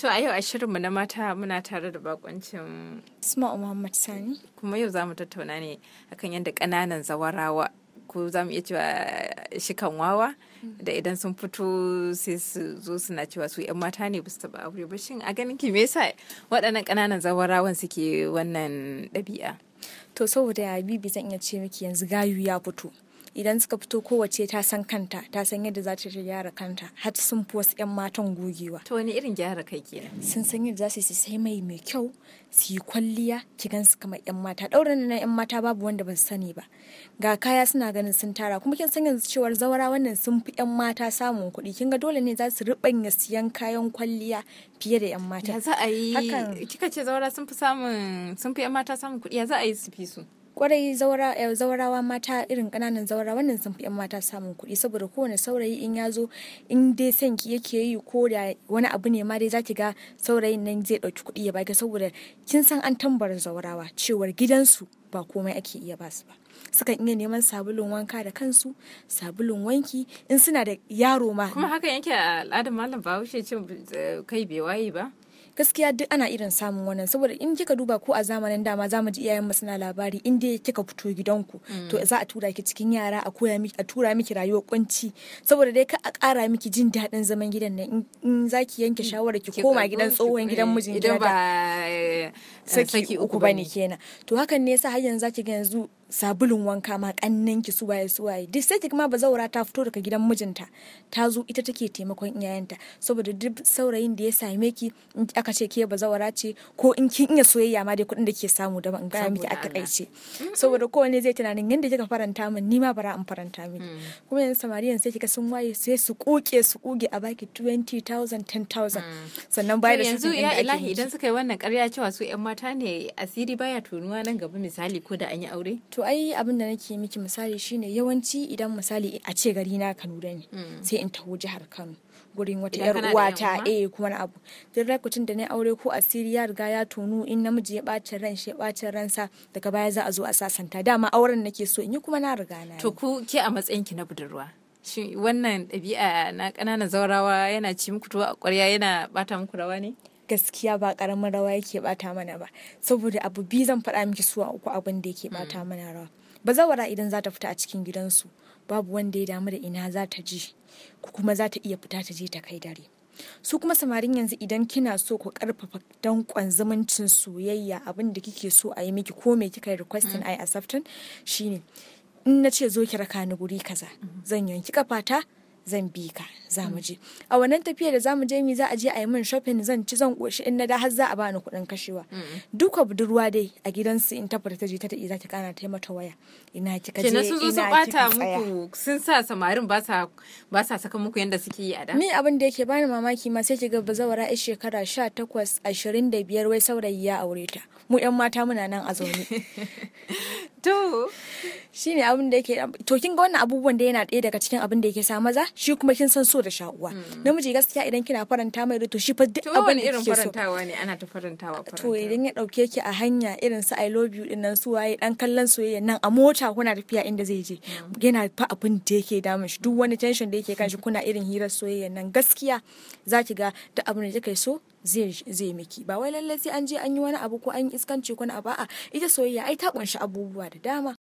To a yau a shirinmu na mata muna tare da bakoncin Isma'u Muhammad Sani. Kuma yau za mu tattauna ne akan yadda ƙananan zawarawa ko za mu iya cewa shikan wawa mm-hmm. da idan sun fito sai su zo suna cewa su 'yan mata ne ba su taɓa aure ba shin a ganin ki me yasa waɗannan ƙananan zawarawan suke wannan ɗabi'a to saboda ya bibi zan iya ce miki yanzu gayu ya fito idan suka fito kowace ta san kanta ta san yadda za ta gyara kanta har sun fi wasu 'yan matan gogewa to wani irin gyara kai ke. sun san yadda za su sai mai mai kyau su yi kwalliya ki gan su kamar 'yan mata ɗaurin na 'yan mata babu wanda ban sani ba ga kaya suna ganin sun tara kuma kin san yanzu cewar zawara wannan sun fi 'yan mata samun kuɗi kin ga dole ne za su riɓanya siyan kayan kwalliya fiye da 'yan mata ya za a yi kika ce zawara sun fi samun sun fi 'yan mata samun kuɗi ya za a yi su fi su kwarai eh, zaurawa mata irin kananan zaura wannan sun fi 'yan mata samun kuɗi saboda kowane saurayi in ya zo in dai sanki yake yi ko da wani abu ne ma dai za ki ga saurayin nan zai ɗauki kuɗi ya baki saboda kin san an tambara zaurawa cewar gidansu ba komai ake iya ba su ba sukan iya neman sabulun wanka da kansu sabulun wanki in suna da yaro ma kuma hakan yake al'adar malam bahaushe ce eh, kai bai waye ba gaskiya duk ana irin samun wannan saboda in kika duba ko a zamanin dama za mu ji iyayen mu suna labari in dai kika fito gidanku to mm. za a tura ki cikin yara a koya miki a tura miki rayuwar kunci saboda dai ka a kara miki jin daɗin zaman gidan nan in za ki yanke mm. shawarar ki koma gidan tsohon gidan eh, mijin idan da eh, saki uku bane kenan to hakan ne yasa har yanzu zaki ga yanzu sabulun wanka ma kannan ki suwaye suwaye duk sai ma zaura ta fito daga gidan mijinta ta zo ita take taimakon iyayenta saboda duk saurayin da ya same ki in aka ce ke bazaura ce ko in kin iya soyayya ma dai kuɗin da ke samu da ban ga miki a takaice saboda wani zai tunanin yanda kika faranta min ni ma bara in faranta miki mm. kuma yanzu samariyan sai kika sun waye sai su kuke su kuge a baki 20000 10000 mm. sannan bayan da yanzu ya ilahi idan suka yi wannan ƙarya cewa su yan mata ne asiri baya tunuwa nan gaba misali ko da an yi aure to ai abin da nake miki misali shine yawanci idan misali a ce gari na Kanura ne hmm. sai in taho jihar Kano gurin wata yar uwata eh kuma na abu duk rakutun da na aure ko asiri ya riga ya tonu in namiji ya bacin ran shi bacin ransa daga baya za a zo a sasanta dama auren nake so in yi kuma na riga na to ku ke a matsayin ki na budurwa shin wannan ɗabi'a na ƙananan zaurawa yana ci muku to a ƙwarya yana bata muku rawa ne gaskiya ba karamin rawa yake bata mana ba saboda abu biyu zan faɗa miki suwa uku abin da yake bata mm. mana rawa ba bazawara idan za ta fita a cikin gidansu babu wanda ya damu da ina za ta ji ku kuma za ta iya fita ta je ta kai dare su kuma samarin yanzu idan kina so ku karfafa dankon zumuncin soyayya abin da kike so a yi miki ko me kika yi requesting ai mm. accepting shine in na ce zo kira raka ni guri kaza mm-hmm. zan yanki kafata zan bi ka za mu mm. je a wannan tafiya da za mu je mi za a je a yi min shopping zan ci zan koshi in na da har za a bani kuɗin kashewa mm. duka budurwa dai a gidansu in ta ta je ta za ta kana ta mata waya ina kika je ina kika sun bata muku sun sa samarin ba sa ba sa saka muku yanda suke yi a da ni abin da yake bani mamaki ma sai kiga bazawara ai shekara 18 25 wai saurayi ya aure ta mu yan mata muna nan a zaune to shi abin da yake to kin ga wannan abubuwan da yana ɗaya daga cikin abin da yake sa maza shi kuma kin san so da sha'uwa hmm. namiji gaskiya idan kina faranta mai to shi fa duk abin da irin farantawa ne ana ta farantawa to idan ya dauke ki a hanya irin su i love you din su waye dan kallon soyayya nan a mota kuna tafiya inda zai je hmm. yana fa abin da yake damun shi duk wani tension da yake kan shi kuna irin hirar soyayya nan gaskiya zaki ga duk abin da kika so zai miki ba wai lallai sai an je an yi wani abu ko an yi iskanci ko na abu a'a ita soyayya ai ta kunshi abubuwa da dama